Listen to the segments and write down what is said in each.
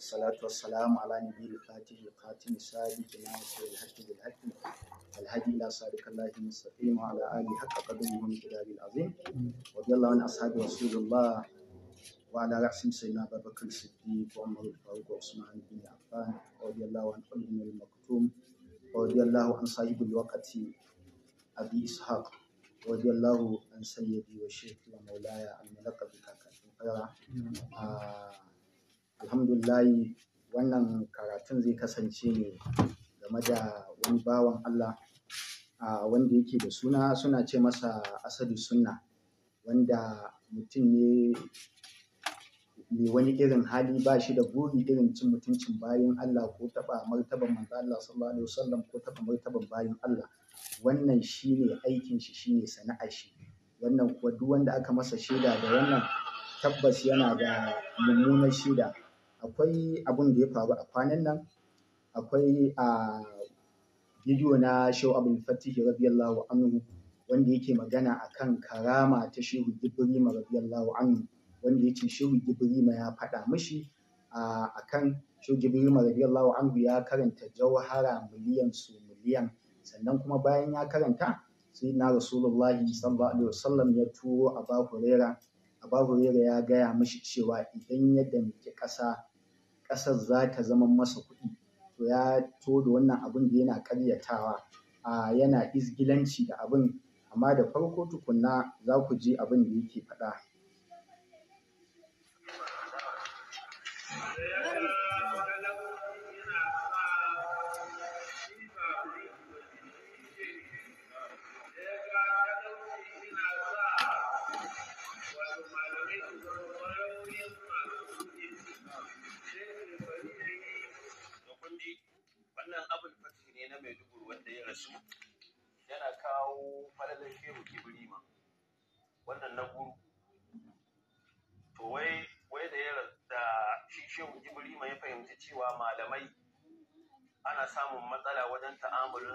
والصلاة والسلام على نبي الفاتح الخاتم السادس ناصر الحق بالحق الهدي إلى صادق الله المستقيم وعلى آله حق قدره من كتاب العظيم رضي الله عن أصحاب رسول الله وعلى رأسهم سيدنا أبا بكر الصديق وعمر الفاروق وعثمان بن عفان رضي الله عن حلم المكتوم رضي الله عن صاحب الوقت أبي إسحاق رضي الله عن سيدي وشيخي ومولاي الملقب بكاكا القيرة alhamdulillahi wannan karatun zai kasance ne game da wani bawan Allah wanda yake da suna suna ce masa asadu sunna wanda mutum ne mai wani irin hali ba shi da buri irin cin mutuncin bayan Allah ko taɓa martaban manzo Allah sallallahu alaihi wasallam ko taɓa martaban bayan Allah wannan shine aikin shi shine sana'ar shi wannan kuwa duk wanda aka masa shaida da wannan tabbas yana da mummunar shaida akwai abun da ya faru a kwanan nan akwai a bidiyo na shehu abul fatihi radiyallahu anhu wanda yake magana akan karama ta shehu ibrahima radiyallahu anhu wanda yace shehu ma ya faɗa mishi akan shehu ibrahima radiyallahu anhu ya karanta jauhara miliyan su miliyan sannan kuma bayan ya karanta sai na rasulullahi sallallahu alaihi wasallam ya turo abu huraira abu ya gaya mishi cewa idan ya danki ƙasa ƙasar za ta zama masa kuɗi to ya to da wannan abin da yana ƙaryatawa a yana izgilanci da abin amma da farko tukunna za ku ji abin da yake faɗa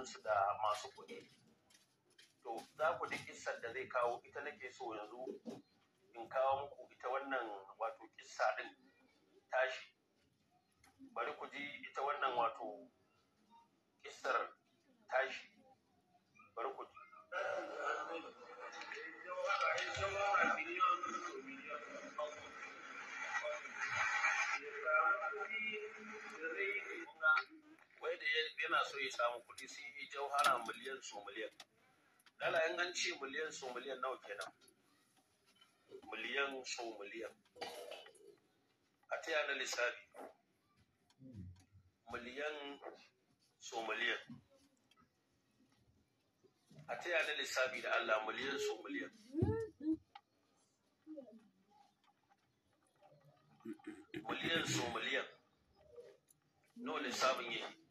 su da masu kuɗi to za ku da kissar da zai kawo ita nake so yanzu in kawo muku ita wannan wato kissa ɗin tashi bari ku ji ita wannan wato kissar tashi yana so ya samu kuɗi sai yi jauhara miliyan su miliyan dala in an ce miliyan so miliyan nawa kenan miliyan su miliyan a ta yana lissafi miliyan su miliyan a ta yana lissafi da Allah miliyan su miliyan miliyan su miliyan nawa lissafin yake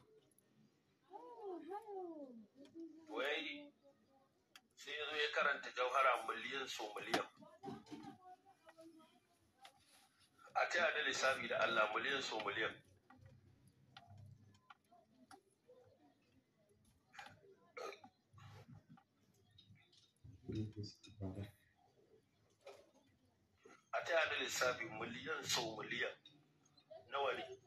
wai sai ya zo ya karanta jauhara miliyan so miliyan a taya da lissafi da Allah miliyan so miliyan a taya da lissafi miliyan so miliyan nawa ne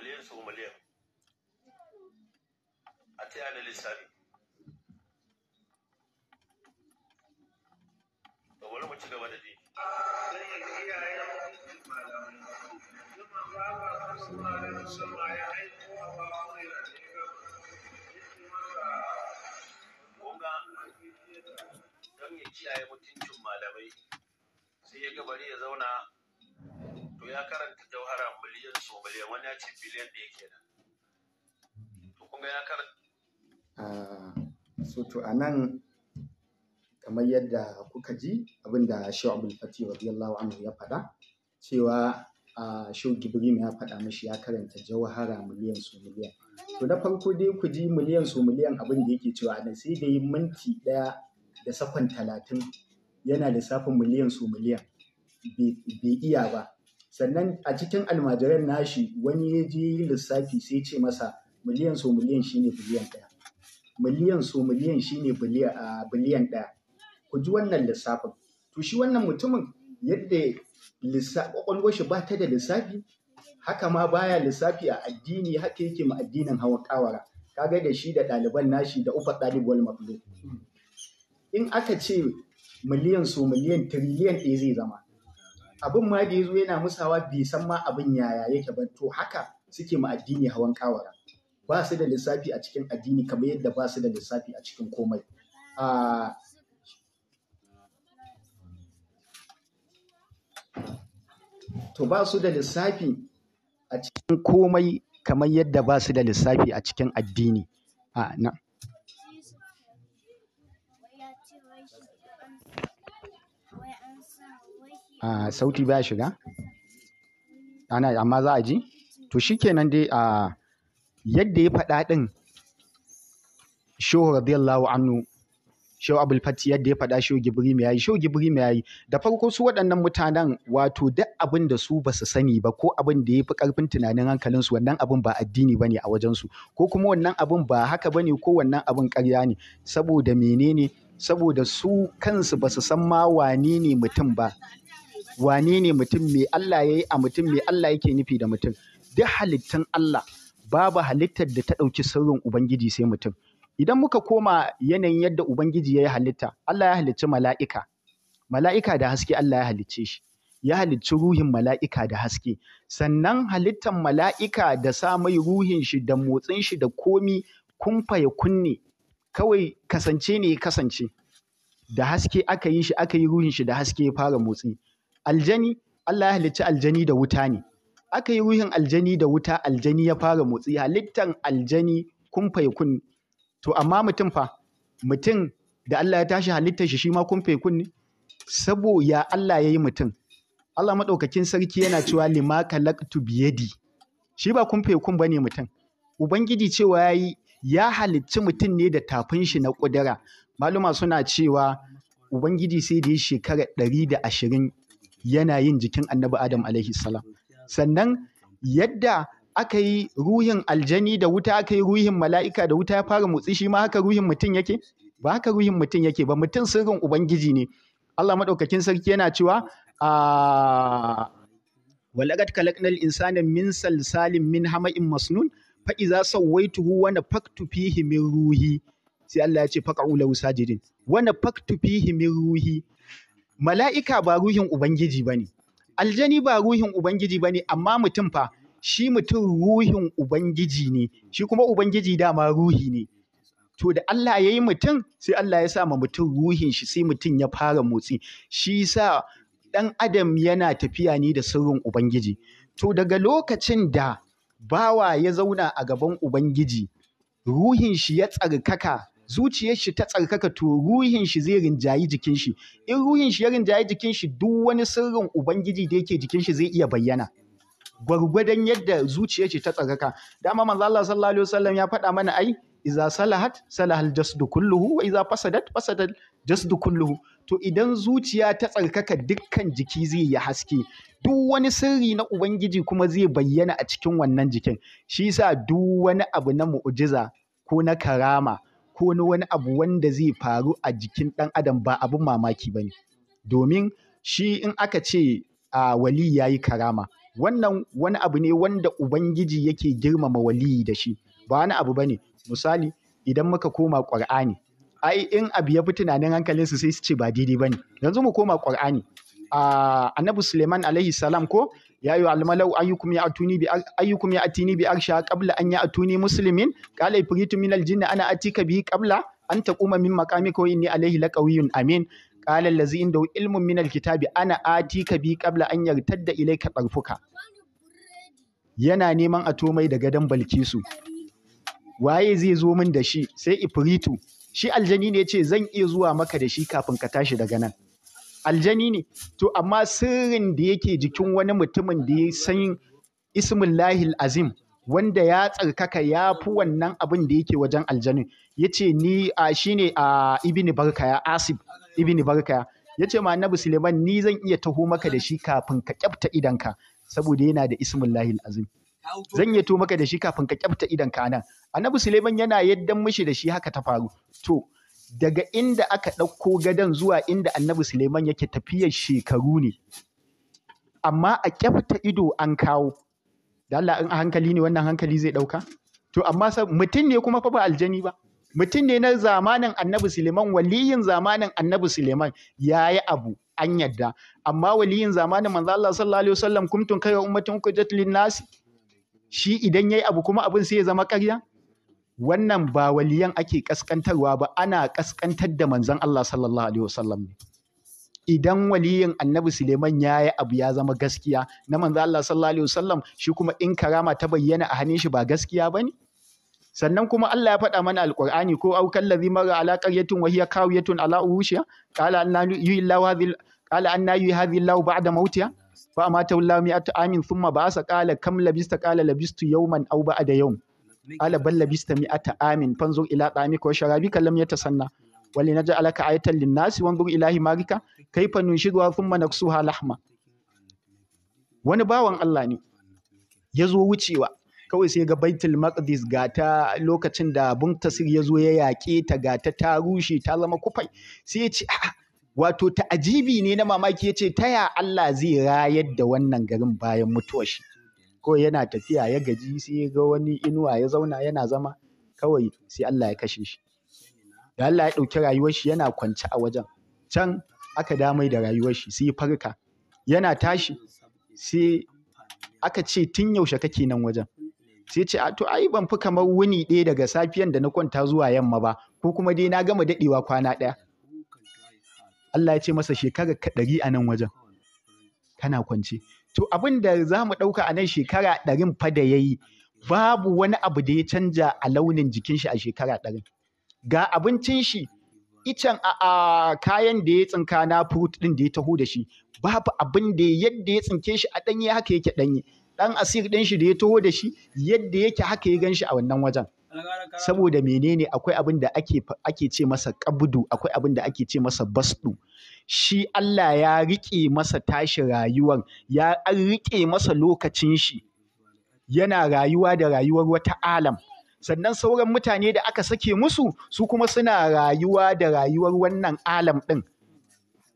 miliyan sau miliyan a taya da lissafi da wani mu ci gaba da kunga don ya kiyaye mutuncin malamai sai ya gabari ya zauna ya karanta jauhara miliyan so miliyan wani ya ce biliyan da yake nan to kun ya karanta ah, so to a nan kamar yadda kuka ji abinda shehu abdul fatih radiyallahu anhu ya faɗa cewa a ah, shehu gibrim ya faɗa mishi ya karanta jauhara miliyan so miliyan to na farko dai ku ji miliyan so miliyan abin da yake cewa nan sai da yi minti ɗaya da sakon talatin yana lissafin miliyan so miliyan bai iya ba sannan a cikin almajiran nashi wani ya je lissafi sai ce masa miliyan so miliyan shine biliyan ɗaya miliyan so miliyan shine biliyan ɗaya ku ji wannan lissafin to shi wannan mutumin yadda kwakwalwar shi ba ta da lissafi haka ma baya lissafi a addini haka yake ma addinin hawa kawara kaga da shi da ɗaliban nashi da ufa ɗalib wal in aka ce miliyan so miliyan tiriliyan ɗaya zai zama abin ma da ya zo yana musawa bai san ma abin yaya yake ba to haka suke ma addini hawan kawara ba su da lissafi a cikin addini kamar yadda ba su da lissafi a cikin komai to ba su da lissafi a cikin komai kamar yadda ba su da lissafi a cikin addini a na sauti baya shiga ana amma za a ji to shikenan dai a yadda ya faɗa ɗin shehu radiyallahu anhu shehu abul fati yadda ya faɗa shehu gibrim ya yi shehu gibrim ya yi da farko su waɗannan mutanen wato duk abin da su basu sani ba ko abin da ya fi ƙarfin tunanin hankalinsu wannan abin ba addini ba ne a wajensu ko kuma wannan abin ba haka ba ko wannan abin ƙarya ne saboda menene saboda su kansu basu san ma wane ne mutum ba wane ne mutum mai Allah ya yi a mutum mai Allah yake nufi da mutum duk halittun Allah babu halittar da ta ɗauki sirrin Ubangiji sai mutum idan muka koma yanayin yadda Ubangiji ya yi halitta Allah ya halicci mala'ika mala'ika da haske Allah ya halicce shi ya halicci ruhin mala'ika da haske sannan halittar mala'ika da sa ruhin shi da motsin shi da komi kumfa ya kunne kawai kasance ne ya kasance da haske aka yi shi aka yi ruhin shi da haske ya fara motsi aljani Allah ya halicci aljani da wuta ne aka yi ruhin aljani da wuta aljani ya fara motsi halittan aljani kun kun to amma mutum fa mutum da Allah ya tashi halittar shi shi ma kun kun ne saboda Allah ya yi mutum Allah maɗaukakin sarki yana cewa lima kalaktu biyadi shi ba kun kun bane mutum ubangiji cewa yayi ya halicci mutum ne da tafin shi na kudara maluma suna cewa ubangiji sai da ya shekara ɗari da ashirin yana yin jikin annabi adam alaihi salam sannan yadda aka yi ruhin aljani da wuta aka yi ruhin mala'ika da wuta ya fara motsi shi ma haka ruhin mutum yake ba haka ruhin mutum yake ba mutum sirrin ubangiji ne Allah madaukakin sarki yana cewa a ah, walaqad khalaqnal insana min salsalin min hama'in masnun fa iza sawaituhu wa nafaktu fihi min ruhi sai Allah ya ce faqa'u lahu sajidin wa nafaktu fihi min ruhi mala'ika ba ruhin ubangiji bane aljani ba ruhin ubangiji bane amma mutum fa shi mutum ruhin ubangiji ne shi kuma ubangiji dama ruhi ne to da Allah ya yi mutum sai Allah ya sa ma mutum ruhin shi sai mutum ya fara motsi shi sa ɗan adam yana tafiya ne da sirrin ubangiji to daga lokacin da bawa ya zauna a gaban ubangiji ruhin shi ya tsarkaka zuciyar shi ta tsarkaka to ruhin shi zai rinjayi jikin shi in ruhin shi ya rinjayi jikin shi duk wani sirrin ubangiji da yake jikin shi zai iya bayyana gwargwadon yadda zuciyar shi ta tsarkaka dama manzo Allah sallallahu alaihi wasallam ya faɗa mana ai iza salahat salahal jasdu kulluhu wa iza fasadat fasadal jasdu kulluhu to idan zuciya ta tsarkaka dukkan jiki zai yi haske duk wani sirri na ubangiji kuma zai bayyana a cikin wannan jikin shi yasa duk wani abu na mu'jiza ko na karama ko na wani abu wanda zai faru a jikin ɗan adam ba abin mamaki ba ne domin shi in aka ce a wali ya yi karama wannan wani abu ne wanda ubangiji yake girmama wali da shi ba wani abu ba ne misali idan muka koma ƙwar'ani ai in abu ya fi tunanin hankalinsu sai su ce ba daidai ba ne yanzu mu koma ƙwar'ani annabi suleiman alaihi salam ko ya yi wa almalau ayyukum ya'tuni bi ayyukum ya'tini bi arsha qabla an ya'tuni muslimin qala ifritu min aljinni ana atika bi qabla an taquma min maqamika wa inni alayhi laƙawiyun amin qala allazi indahu ilmun min kitabi ana atika bi qabla an yartadda ilayka tarfuka yana neman a tomai da gadon balkisu waye zai zo min da shi sai Ifiritu. shi aljani ne ya ce zan iya zuwa maka da shi kafin ka tashi daga nan aljani ne to amma sirrin da yake jikin wani mutumin da ya san ismullahi azim wanda ya tsarkaka ya fi wannan abin da yake wajen aljanin ya ce ni a shi ne a ibn barkaya asib ni barkaya ya ce ma annabi suleiman ni zan iya taho maka da shi kafin ka kyafta idanka saboda yana da ismullahi azim zan iya taho maka da shi kafin ka kyafta idanka nan annabi suleiman yana yaddan mishi da shi haka ta faru to daga inda aka ɗauko gadon zuwa inda annabi Suleiman yake tafiyar shekaru ne amma a kyafta ido an kawo da Allah in a hankali ne wannan hankali zai ɗauka to amma mutum ne kuma fa ba aljani ba mutum ne na zamanin annabi Suleiman waliyin zamanin annabi Suleiman ya yi abu an yadda amma waliyin zamanin manzo Allah sallallahu alaihi wasallam kumtun kai wa ummatin kujat lin Nasi? shi idan ya yi abu kuma abin sai ya zama ƙarya wannan ba waliyan ake kaskantarwa ba ana kaskantar da manzon Allah sallallahu alaihi wasallam ne idan waliyin annabi Suleiman ya yi abu ya zama gaskiya na manzo Allah sallallahu alaihi wasallam shi kuma in karama ta bayyana a hannun shi ba gaskiya ba ne sannan kuma Allah ya faɗa mana alqur'ani ko au kallazi mara ala qaryatin wa hiya kawiyatun ala uhushiya qala anna yuhillahu hadhihi qala anna yuhyi hadhihi Allah ba'da mautiha fa amata Allah mi'ata amin thumma ba'asa qala kam labista qala labistu yawman aw ba'da yawm balla Bista mi ata amin fanzur ila ta'amika wa sharabika lam yatasanna wali alaka ayatan lin-nasi wanzur ila himarika kayfa nunshiduha thumma naksuha lahma wani bawan Allah ne ya zo wucewa kawai sai ga baitul maqdis ga lokacin da buntasir ya zo ya yaƙe ta ga ta ta rushe ta zama kufai sai ya ce wato ta'ajibi ne na mamaki ya ce ta Allah zai rayar da wannan garin bayan mutuwar shi ko yana tafiya ya gaji sai ya ga wani inuwa ya zauna yana zama kawai sai Allah ya kashe shi da Allah ya ɗauki rayuwar shi yana kwance a wajen can aka damai da rayuwar shi sai farka yana tashi sai aka ce tun yaushe kake nan wajen sai ce to ai ban fi kamar wuni ɗaya daga safiyan da na kwanta zuwa yamma ba ko kuma dai na gama daɗewa kwana ɗaya Allah ya ce masa shekarar ka ɗari a nan wajen kana kwance To abin da za mu ɗauka a nan shekara ɗarin fa da ya yi, babu wani abu da ya canja a launin jikin shi a shekara ɗarin. Ga abincin shi, icen a kayan da ya tsinka na fruit ɗin da ya taho da shi, babu abin da yadda ya tsinke shi a ɗanye haka yake ɗanye. Ɗan asir ɗin shi da ya taho da shi, yadda yake haka ya gan shi a wannan wajen. Saboda menene akwai abin da ake ce masa ƙabudu, akwai abin da ake ce masa basɗu. shi Allah ya riƙe masa tashi rayuwar ya an riƙe masa lokacin shi yana rayuwa da rayuwar wata alam sannan sauran mutane da aka sake musu su kuma suna rayuwa da rayuwar wannan alam ɗin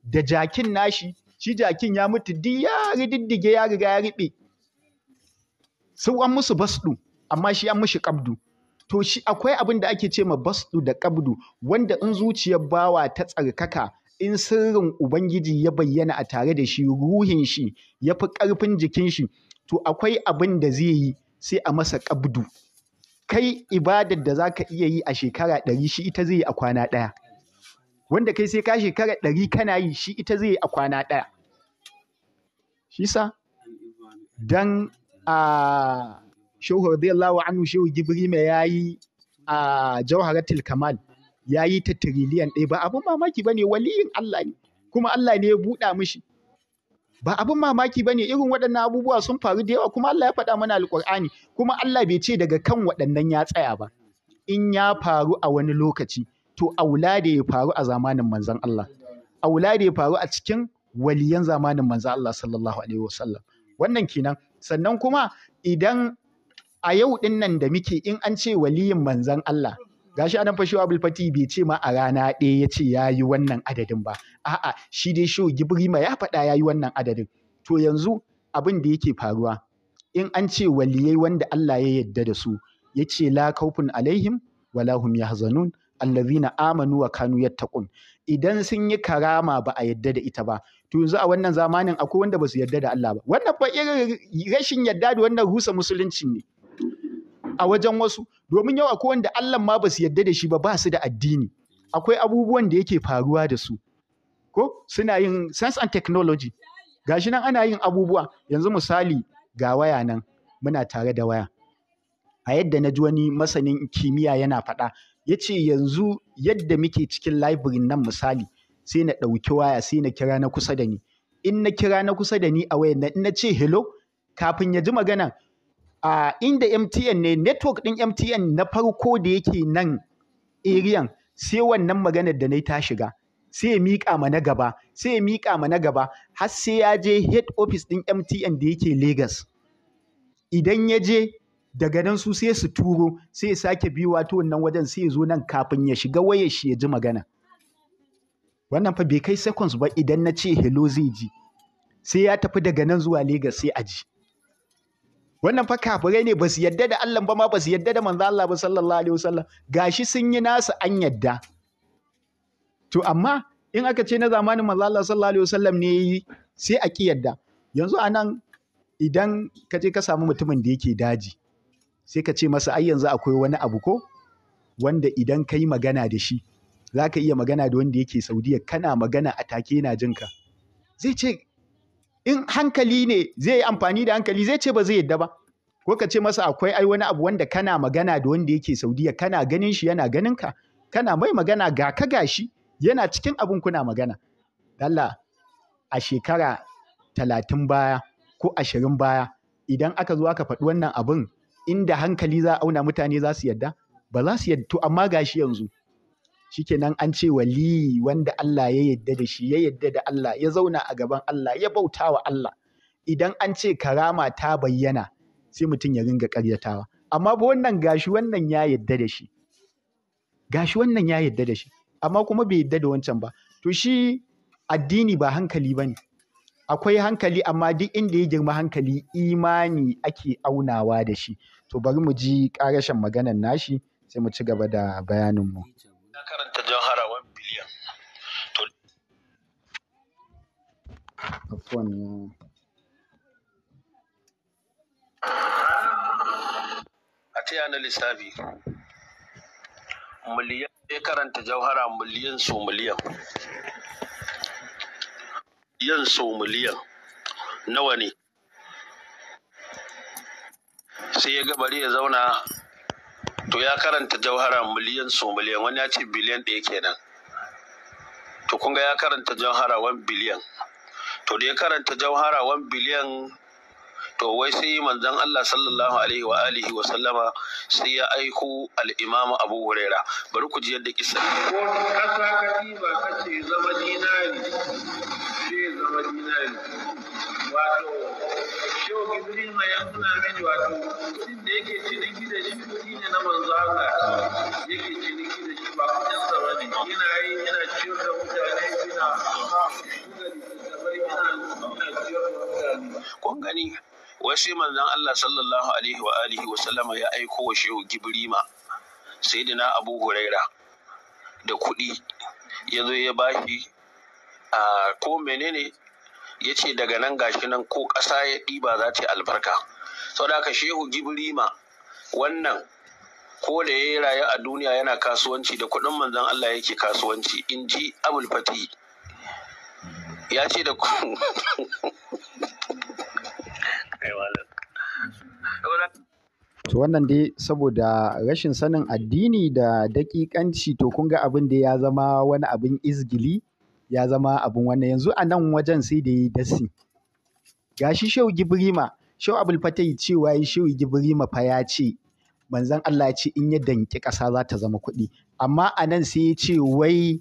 da jakin nashi shi jakin ya mutu duk ya rididdige ya riga ya riɓe Sau an musu basdu amma shi an mushi ƙabdu. to shi akwai abin da ake ce ma basdu da ƙabdu, wanda in zuciyar bawa ta tsarkaka in sirrin Ubangiji ya bayyana a tare da shi ruhin shi ya fi ƙarfin jikin shi to akwai abin da zai yi sai a masa ƙabdu kai ibadar da za ka iya yi a shekara ɗari shi ita zai yi a kwana ɗaya wanda kai sai ka shekara ɗari kana yi shi ita zai yi a kwana ɗaya shi sa dan a shehu radiyallahu anhu shehu gibrima ya yi a jawharatul kamal ya yi ta tiriliyan ɗaya ba abin mamaki ba ne waliyin Allah ne kuma Allah ne ya buɗa mishi ba abin mamaki ba ne irin waɗannan abubuwa sun faru da yawa kuma Allah ya faɗa mana alƙur'ani kuma Allah bai ce daga kan waɗannan ya tsaya ba in ya faru a wani lokaci to aula da ya faru a zamanin manzon Allah aula da ya faru a cikin waliyan zamanin manzon Allah sallallahu alaihi wasallam wannan kenan sannan kuma idan a yau ɗin nan da muke in an ce waliyin manzon Allah gashi anan fa shi abul fati bai ce ma a rana ɗaya ya ce ya yi wannan adadin ba a'a shi dai shi gibrima ya faɗa ya yi wannan adadin to yanzu abin da yake faruwa in an ce waliyai wanda Allah ya yadda da su ya ce la kaufun alaihim wala hum yahzanun allazina amanu wa kanu yattaqun idan sun yi karama ba a yadda da ita ba to yanzu a wannan zamanin akwai wanda ba su yadda da Allah ba wannan ba rashin yadda da wannan rusa musulunci ne a wajen wasu domin yau akwai wanda Allah ma ba su yadda da shi ba ba su da addini akwai abubuwan da yake faruwa da su ko suna yin science and technology gashi nan ana yin abubuwa yanzu misali ga waya nan muna tare da waya a yadda na ji wani masanin kimiyya yana faɗa ya ce yanzu yadda muke cikin library nan misali sai na ɗauki waya sai na kira na kusa da ni in na kira na kusa da ni a wayan nan in na ce hello kafin ya ji magana a inda MTN ne network ɗin MTN na farko da yake nan eriyan sai wannan maganar da na ta shiga sai ya miƙa ma na gaba sai ya miƙa ma na gaba har sai ya je head office ɗin MTN da yake Lagos idan ya je daga nan su sai su turo sai ya sake biyuwa ta wannan wajen sai ya zo nan kafin ya shiga wayar shi ya ji magana wannan fa bai kai seconds ba idan na ce hello zai ji sai ya tafi daga nan zuwa Lagos sai a ji wannan fa kafirai ne ba su yadda da Allah ba ma ba su yadda da manzo Allah ba sallallahu alaihi wasallam gashi sun yi nasu an yadda to amma in aka ce na zamanin manzo Allah sallallahu alaihi wasallam ne yi sai a kiyarda yanzu anan idan ka je ka samu mutumin da yake daji sai ka ce masa ai yanzu akwai wani abu ko wanda idan ka yi magana da shi za ka iya magana da wanda yake saudiya kana magana a take yana jinka zai ce in hankali ne zai yi amfani da hankali zai ce ba zai yadda ba ko ka ce masa akwai ai wani abu wanda kana magana da wanda yake Saudiya kana ganin shi yana ganin ka kana mai magana ga ka gashi yana cikin abin kuna magana Allah a shekara talatin baya ko ashirin baya idan aka zo aka faɗi wannan abin inda hankali za a auna mutane za su yadda ba za su yadda to amma gashi yanzu shikenan an ce wali wanda Allah ya yadda da shi ya yadda da Allah ya zauna a gaban Allah ya bauta wa Allah idan an ce karama ta bayyana sai mutum ya ringa karyatawa. amma ba wannan gashi wannan ya yadda da shi gashi wannan ya yadda da shi amma kuma bai yadda da wancan ba to shi addini ba hankali ba ne akwai hankali amma duk inda ya girma hankali imani ake aunawa da shi to bari mu ji ƙarashin maganan nashi sai mu ci gaba da bayaninmu. mu karanta jauhara 1 To... Afuwan ya. A ce yana lissafi. Miliyan ya karanta jauhara miliyan so miliyan. Miliyan so miliyan. Nawa ne? Sai ya gabari ya zauna to ya karanta jauhara miliyan so miliyan wani ya ce biliyan ɗaya kenan to kun ga ya karanta jauhara wani biliyan to da ya karanta jauhara wani biliyan to wai sai manzon Allah sallallahu alaihi wa alihi wa sallama sai ya aiko al-Imam Abu Huraira bari ku ji yadda kissa ko kasa ba kace zama dinari sai zama dinari wato yau Gibril ma ya tuna mini wato sin da yake ciniki da shi kuɗi ne na manzo Allah yake ciniki da shi ba kuɗin sa bane yana yi yana ciyar da mutane yana kun gani wai sai manzon Allah sallallahu alaihi wa alihi wa sallama ya aiko wa shehu Gibrima sayyidina Abu Huraira da kuɗi ya zo ya bashi a ko menene ya ce daga nan gashi nan ko ƙasa ya ɗiba za ta albarka saboda haka shehu gibrima wannan ko da ya yi a duniya yana kasuwanci da kuɗin manzon Allah yake kasuwanci in ji abul fati ya ce da ku To wannan dai saboda rashin sanin addini da daƙiƙanci to kun ga abin da ya zama wani abin izgili ya zama abin wannan yanzu a nan wajen sai da yi dasi gashi shehu gibrima shehu abul fatai cewa yi shehu gibrima fa ya ce manzon Allah ya ce in ya danki ƙasa za ta zama kuɗi amma a nan sai ya ce wai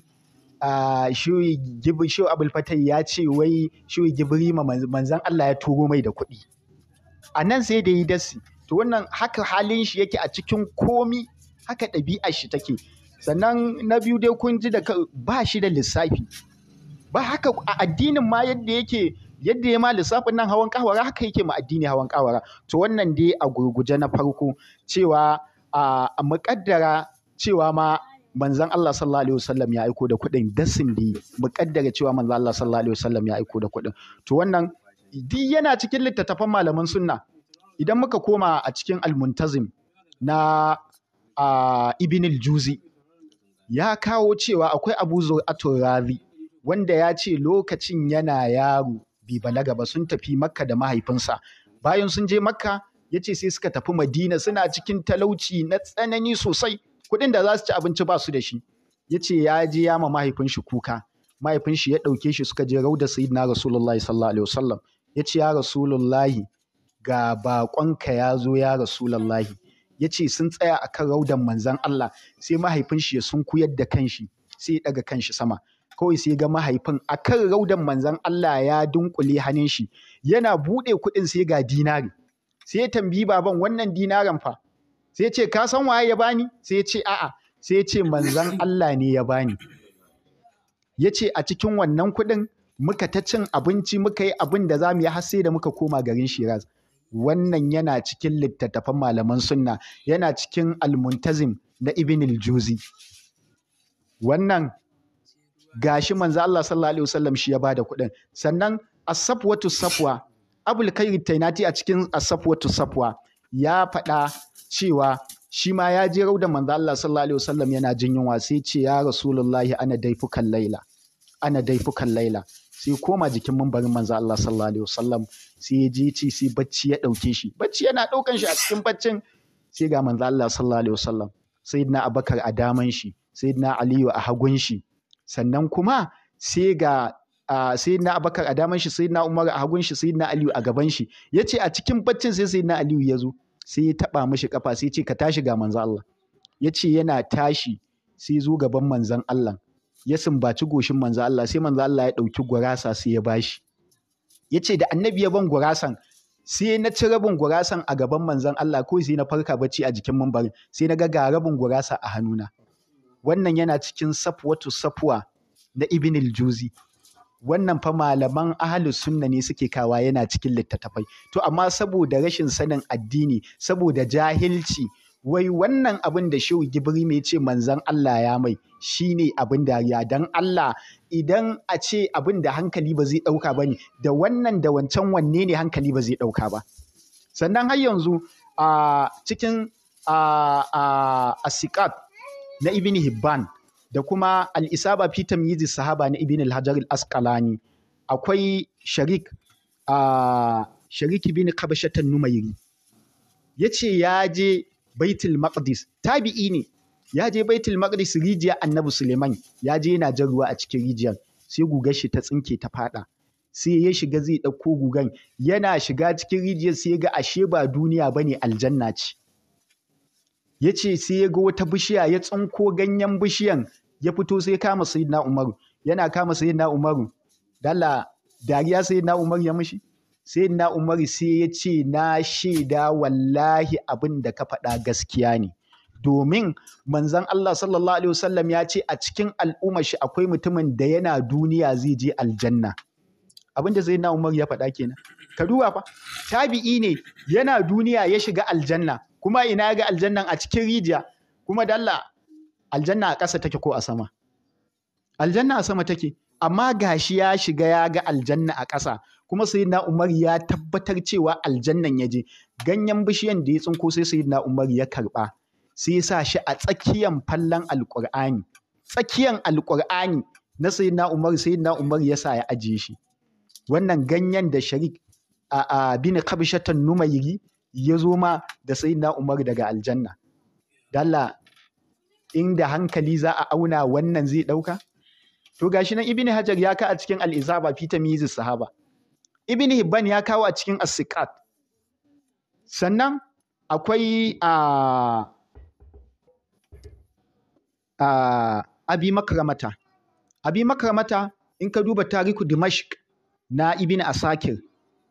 shehu abul fatai ya ce wai shehu gibrima manzon Allah ya turo mai da kuɗi a nan sai da yi dasi to wannan haka halin shi yake a cikin komi haka ɗabi'ar shi take sannan na biyu dai kun ji da ba shi da lissafi ba haka a addinin ma yadda yake yadda ya ma lissafin nan hawan kawara haka yake ma addini hawan kawara to wannan dai a gurguje na farko cewa a muƙaddara cewa ma manzan Allah sallallahu alaihi wasallam ya aiko da kuɗin dasin da muƙaddara cewa manzan Allah sallallahu alaihi wasallam ya aiko da kuɗin to wannan duk yana cikin littattafan malaman sunna idan muka koma a cikin almuntazim na ibn al-juzi ya kawo cewa akwai abu zur'atul wanda ya ce lokacin yana yaro bai balaga ba sun tafi makka da mahaifinsa bayan sun je makka ya ce sai suka tafi madina suna cikin talauci na tsanani sosai kuɗin da za su ci abinci ba su da shi ya ce ya je ya ma mahaifin shi kuka mahaifin shi ya ɗauke shi suka je rauda sayyidina rasulullahi sallallahu alaihi wasallam ya ce ya rasulullahi ga baƙonka ya zo ya rasulullahi ya ce sun tsaya akan raudan manzan Allah sai mahaifin shi ya sunkuyar da kanshi sai ya ɗaga kanshi sama kawai sai ga mahaifin a kan raudan manzan Allah ya dunkule hannun shi yana buɗe kuɗin sai ga dinari sai ya tambayi baban wannan dinaran fa sai ya ce ka san waye ya bani sai ya ce a'a sai ya ce manzan Allah ne ya bani ya ce a cikin wannan kuɗin muka ta cin abinci muka yi abin da za mu yi har sai da muka koma garin Shiraz wannan yana cikin littattafan malaman sunna yana cikin almuntazim na ibn al wannan gashi manzo Allah sallallahu alaihi wasallam shi ya bada kuɗin sannan as-safwatu safwa abul khair tainati a cikin as-safwatu safwa ya faɗa cewa shi ma ya je rauda manzo Allah sallallahu alaihi wasallam yana jin yunwa sai ce ya rasulullahi ana daifukan laila ana daifukan laila sai koma jikin mambarin manzo Allah sallallahu alaihi wasallam sai ya ji ci sai bacci ya dauke shi bacci yana daukan shi a cikin baccin sai ga manzo Allah sallallahu alaihi wasallam sayyidina Abakar a daman shi sayyidina Aliyu a hagun shi sannan kuma sai ga Uh, na abakar a daman shi na umar a hagun shi sai na aliyu a gaban shi ya ce a cikin baccin sai sai na aliyu ya zo sai ya taɓa mashi kafa sai ce ka tashi ga manzan Allah ya ce yana tashi sai zo gaban manzan Allah ya sumbaci goshin manzan Allah sai manzan Allah ya ɗauki gurasa sai ya bashi ya ce da annabi ya ban gurasan sai na ci rabin gurasan a gaban manzan Allah ko sai na farka bacci a jikin mambarin sai na ga ga rabin gurasa a hannuna wannan yana cikin safwatu safwa na ibn al-juzi wannan fa malaman ahlu sunna ne suke kawa yana cikin littattafai to amma saboda rashin sanin addini saboda jahilci wai wannan abin da shehu gibri mai ce manzan Allah ya mai shine abin dariya dan Allah idan a ce abin da hankali ba zai ɗauka ba ne da wannan da wancan wanne ne hankali ba zai ɗauka ba sannan har yanzu a cikin a a na Ibn Hibban da kuma al-Isaba fi tamyizi sahaba na Ibn al-Hajar al-Asqalani akwai Sharik a shariki bin kabashatan numayri yace ya je Baitul Maqdis tabi'i ne ya je Baitul Maqdis rijiyar Annabi Suleiman ya je yana jan ruwa a cikin rijiyar sai gugar shi ta tsinke ta fada sai ya shiga zai ɗauko gugan yana shiga cikin rijiyar sai ga ashe ba duniya bane aljanna ce ya ce sai ya ga wata bishiya ya tsinko ganyen bishiyan ya fito sai kama sayyidina umaru yana kama sayyidina umaru dalla dariya sayyidina umaru ya mishi sayyidina umaru sai ya ce na shaida wallahi abin da ka faɗa gaskiya ne domin manzon Allah sallallahu alaihi wasallam ya ce a cikin al'ummar shi akwai mutumin da yana duniya zai je aljanna abin da sayyidina umaru ya faɗa kenan ka duba fa tabi'i ne yana duniya ya shiga aljanna kuma ina ga aljannan a cikin rijiya kuma dalla aljanna a ƙasa take ko a sama aljanna a sama take amma gashi ya shiga ya ga aljanna a ƙasa kuma sayyidina Umar ya tabbatar cewa aljannan ya je ganyen bishiyan da ya tsinko sai sayyidina Umar ya karba sai ya sa shi a tsakiyan fallan alqur'ani tsakiyan alqur'ani na sayyidina Umar sayyidina Umar ya sa ya ajiye shi wannan ganyen da Sharik a bin Qabshatan Numayri ya zo ma da na Umar daga aljanna dalla inda hankali za a auna wannan zai ɗauka? to gashi nan Ibn hajar ya ka a cikin al'izaba izaba Mizis sahaba Ibn hibban ya kawo a cikin as sannan akwai a a abi makramata abi makramata in ka duba tariku Dimashik na ibn asakir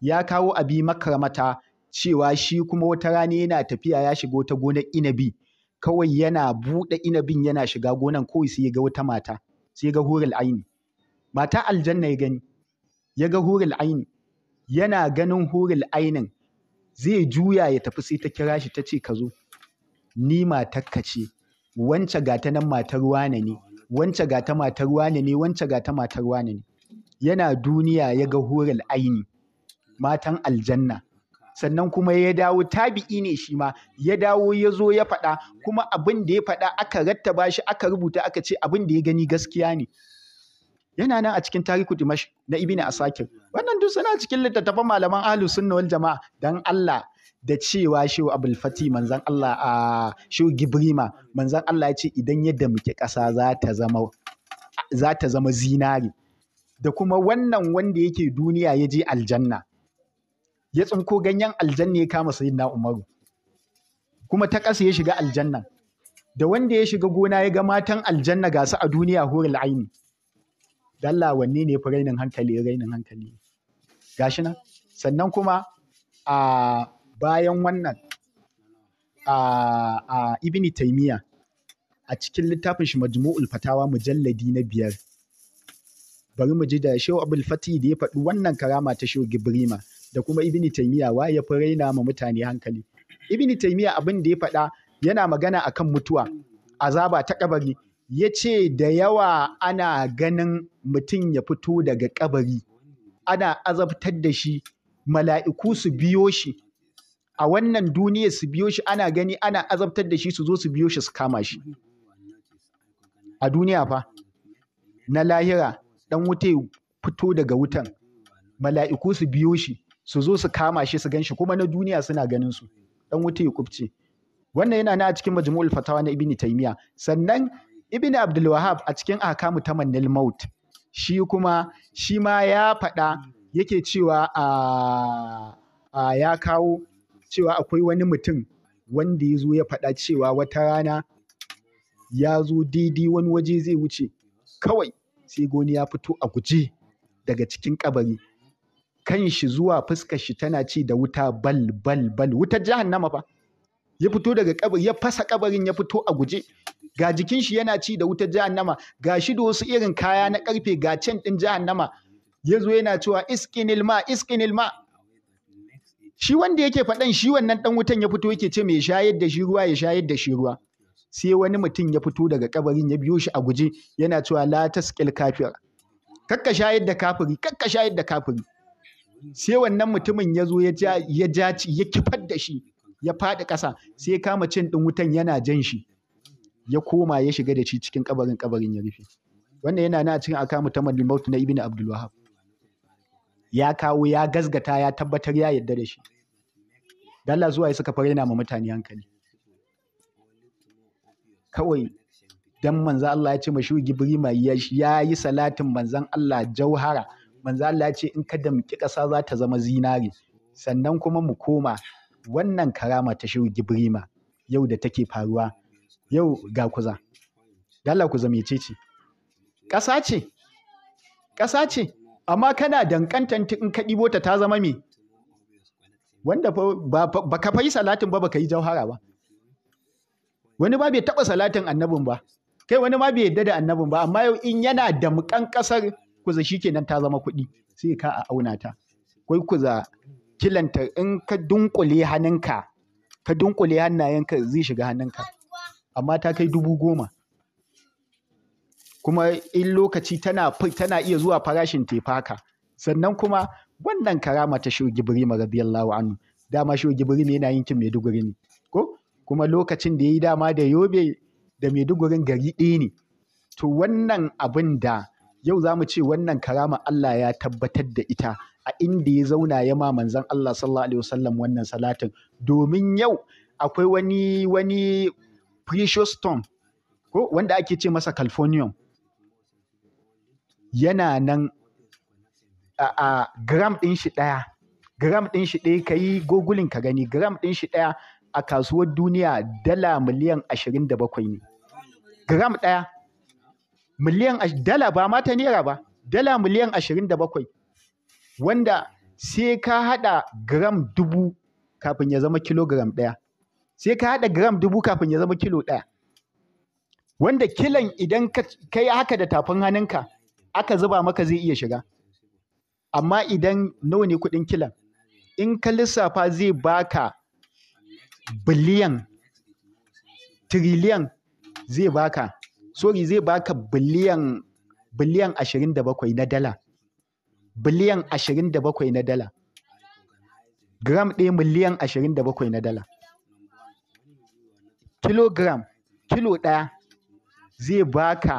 ya kawo abi makramata cewa shi kuma wata rana yana tafiya ya shiga wata gonar inabi kawai yana buɗe inabin yana shiga gonan kawai sai ya ga wata mata sai ya ga hurul aini mata aljanna ya gani ya ga hurul aini yana ganin hurul ainin zai juya ya tafi sai ta kira shi ta ce ka zo ni matarka ce wance ga ta nan matar wane ne wance ga ta matar wane ne wance ga ta matar wane ne yana duniya ya ga hurul aini matan aljanna sannan kuma ya dawo tabi'i ne shi ma ya dawo ya zo ya faɗa kuma abin da ya faɗa aka rattaba shi aka rubuta aka ce abin da ya gani gaskiya ne yana nan a cikin tarihu dimash na ibn asakir wannan duk suna cikin littattafan malaman ahlus sunna wal jama'a dan Allah da cewa shi abul fati manzon Allah a shi gibrima manzon Allah ya ce idan yadda muke ƙasa za ta zama za ta zama zinari da kuma wannan wanda yake duniya ya je aljanna ya tsinko ganyen aljanna ya kama na umaru kuma ta ƙasa ya shiga aljanna. da wanda ya shiga gona ya ga matan aljanna ga su a duniya hurul aini dalla wanne ne fi rainin hankali rainin hankali gashi nan sannan kuma a bayan wannan a a ibni a cikin littafin shi majmu'ul fatawa mujalladi na biyar bari mu ji da shehu abul fati da ya faɗi wannan karama ta shehu gibrima da kuma ibn taymiya wa ya fi raina ma mutane hankali ibn taimiya abin da ya faɗa yana magana akan mutuwa azaba ta kabari ya ce da yawa ana ganin mutum ya fito daga kabari ana azabtar da shi mala'iku su biyo shi a wannan duniya su biyo shi ana gani ana azabtar da shi su zo su biyo shi su kama shi a duniya fa na lahira dan wuta fito daga wutan mala'iku su biyo shi su zo su kama shi su gan shi kuma na duniya suna ganin su dan wuta ya kubce wannan yana na a cikin majmu'ul fatawa na ibni taymiya sannan ibni abdul wahab a cikin ahkamu tamannil maut shi kuma shi ma ya faɗa yake cewa a, uh, ya kawo cewa akwai wani mutum wanda ya zo ya faɗa cewa wata rana ya zo daidai wani waje zai wuce kawai sai goni ya fito a guje daga cikin kabari kan shi zuwa fuskar shi tana ci da wuta bal bal bal wutar jahannama fa ya fito daga kabari ya fasa kabarin ya fito a guje ga jikin shi yana ci da wutar jahannama ga shi da wasu irin kaya na karfe ga can din jahannama ya zo yana cewa iskinil ma iskinil ma shi wanda yake faɗan shi wannan dan wutan ya fito yake ce mai shayar da shi ruwa ya shayar da shi ruwa sai wani mutum ya fito daga kabarin ya biyo shi a guje yana cewa la taskil kafir kakka shayar da kafiri kakka shayar da kafiri sai wannan mutumin ya zo ya ja ya kifar da shi ya faɗi ƙasa sai kama cin ɗin wutan yana jan shi ya koma ya shiga da shi cikin kabarin kabarin ya rufe wannan yana na cikin akamu ta maut na ibnu abdul wahab ya kawo ya gazgata ya tabbatar ya yarda da shi dalla zuwa ya suka fara ma mutane hankali kawai dan manzo Allah ya ce mashi Gibrima ya yi salatin manzon Allah jauhara manzo Allah ya ce in ka damƙi ƙasa za ta zama zinare sannan kuma mu koma wannan karama ta shehu Gibrima yau da take faruwa yau ga kuza dala kuza mece ce ƙasa ce ƙasa ce amma kana dankantan in ka ɗibo ta ta zama me wanda ba ka fai salatin ba baka yi jauhara ba wani ba bai taɓa salatin annabin ba kai wani ma bai yadda da annabin ba amma yau in yana damƙan ƙasar kuza shi kenan ta zama kuɗi sai ka a auna ta kai kuza kilanta in ka dunkule hannunka ka dunkule hannayenka zai shiga hannunka amma ta kai dubu goma kuma in lokaci tana tana iya zuwa farashin tefaka sannan kuma wannan karama ta shehu gibrima radiyallahu anhu dama shehu ne yana yankin maiduguri ne ko kuma lokacin da ya yi dama da yobe da maidugurin gari ɗaya ne to wannan abin da yau za mu ce wannan karama Allah ya tabbatar da ita a inda ya zauna ya ma manzon Allah sallallahu alaihi wasallam wannan salatin domin yau akwai wani wani precious stone ko wanda ake ce masa californium yana nan a, a gram ɗin shi ɗaya gram ɗin shi ɗaya ka yi gogulin ka gani gram ɗin shi ɗaya a kasuwar duniya dala miliyan ashirin da bakwai ne gram ɗaya miliyan dala ba ma ta naira ba dala miliyan 27 wanda sai ka hada gram dubu kafin ya zama kilogram ɗaya sai ka hada gram dubu kafin ya zama kilo ɗaya wanda kilan idan ka yi haka da tafin hannunka aka zuba maka zai iya shiga amma idan nawa ne kuɗin kilan in ka lissafa zai baka biliyan tiriliyan zai baka sorry zai baka biliyan biliyan 27 na dala biliyan 27 na dala gram ɗaya miliyan 27 na dala kilogram kilo ɗaya zai baka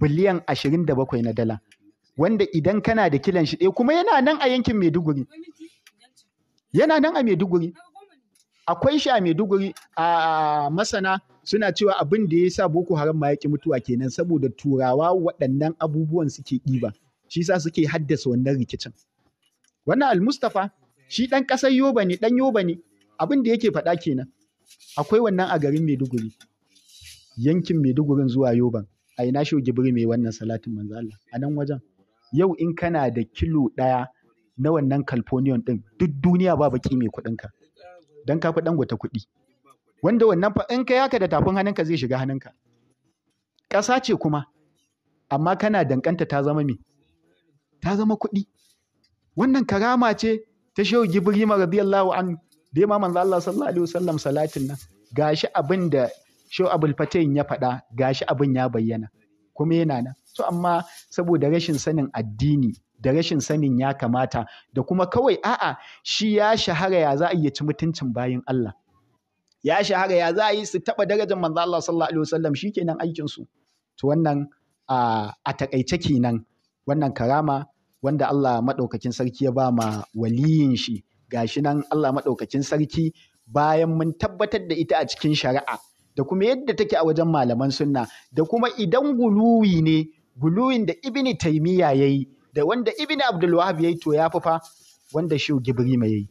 biliyan 27 na dala wanda idan kana da kilan shi ɗaya eh, kuma yana nan a yankin maiduguri yana nan a maiduguri akwai shi a maiduguri a masana suna cewa abin da ya sa boko haram ma yaki mutuwa kenan saboda turawa waɗannan abubuwan suke ɗiba shi sa suke haddasa wannan rikicin wannan almustafa shi ɗan ƙasar yoba ne ɗan yoba ne abin da yake faɗa kenan akwai wannan a garin maiduguri yankin maidugurin zuwa yoban a ina shi mai wannan salatin manzo Allah a nan wajen yau in kana da kilo ɗaya na wannan kalfoniyon ɗin duk duniya ba baki mai ka. don ka fi ɗangwata kuɗi wanda wannan fa in kai haka da tafin hannunka zai shiga hannunka ƙasa ce kuma amma kana dankanta ta zama me ta zama kuɗi wannan karama ce ta shehu gibrima radiyallahu an da ya manzo Allah sallallahu alaihi wasallam salatin nan gashi abin da shehu abul fatayin ya faɗa gashi abin ya bayyana kuma yana nan to amma saboda rashin sanin addini da rashin sanin ya kamata da kuma kawai a'a shi ya shahara ya za a iya ci mutuncin bayin Allah ya shahara ya za a yi su taɓa darajar manzo Allah sallallahu alaihi wasallam shikenan aikin su to wannan a takaice kenan wannan karama wanda Allah madaukakin sarki ya ba ma waliyin shi gashi nan Allah madaukakin sarki bayan mun tabbatar da ita a cikin shari'a da kuma yadda take a wajen malaman sunna da kuma idan guluwi ne guluwin da ibni taymiya yayi da wanda ibni abdul wahab yayi to yafi fa wanda gibri gibrima yayi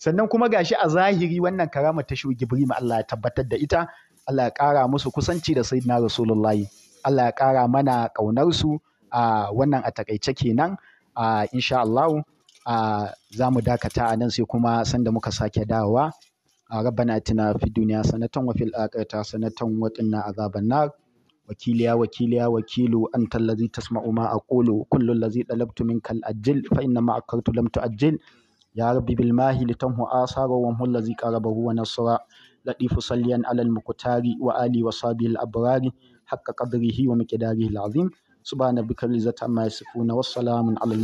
sannan kuma gashi a zahiri wannan karama ta shi ma Allah ya tabbatar da ita Allah ya ƙara musu kusanci da sayyidina rasulullahi Allah ya ƙara mana ƙaunarsu a wannan a takaice kenan a insha Allah a za mu dakata a nan sai kuma sanda muka sake dawowa a rabbana tina fi duniya sanatan wa fil akhirati sanatan wa qina azaban nar wakiliya wakiliya wakilu anta allazi tasma'u ma aqulu kullu allazi talabtu minkal ajil fa inna ma akartu lam tuajil يا رب بالماه لتمه آثار ومه الذي قربه ونصر لطيف صليا على المقتار وآلي وصابه الأبرار حق قدره ومقداره العظيم سبحان ربك العزة عما يصفون والسلام على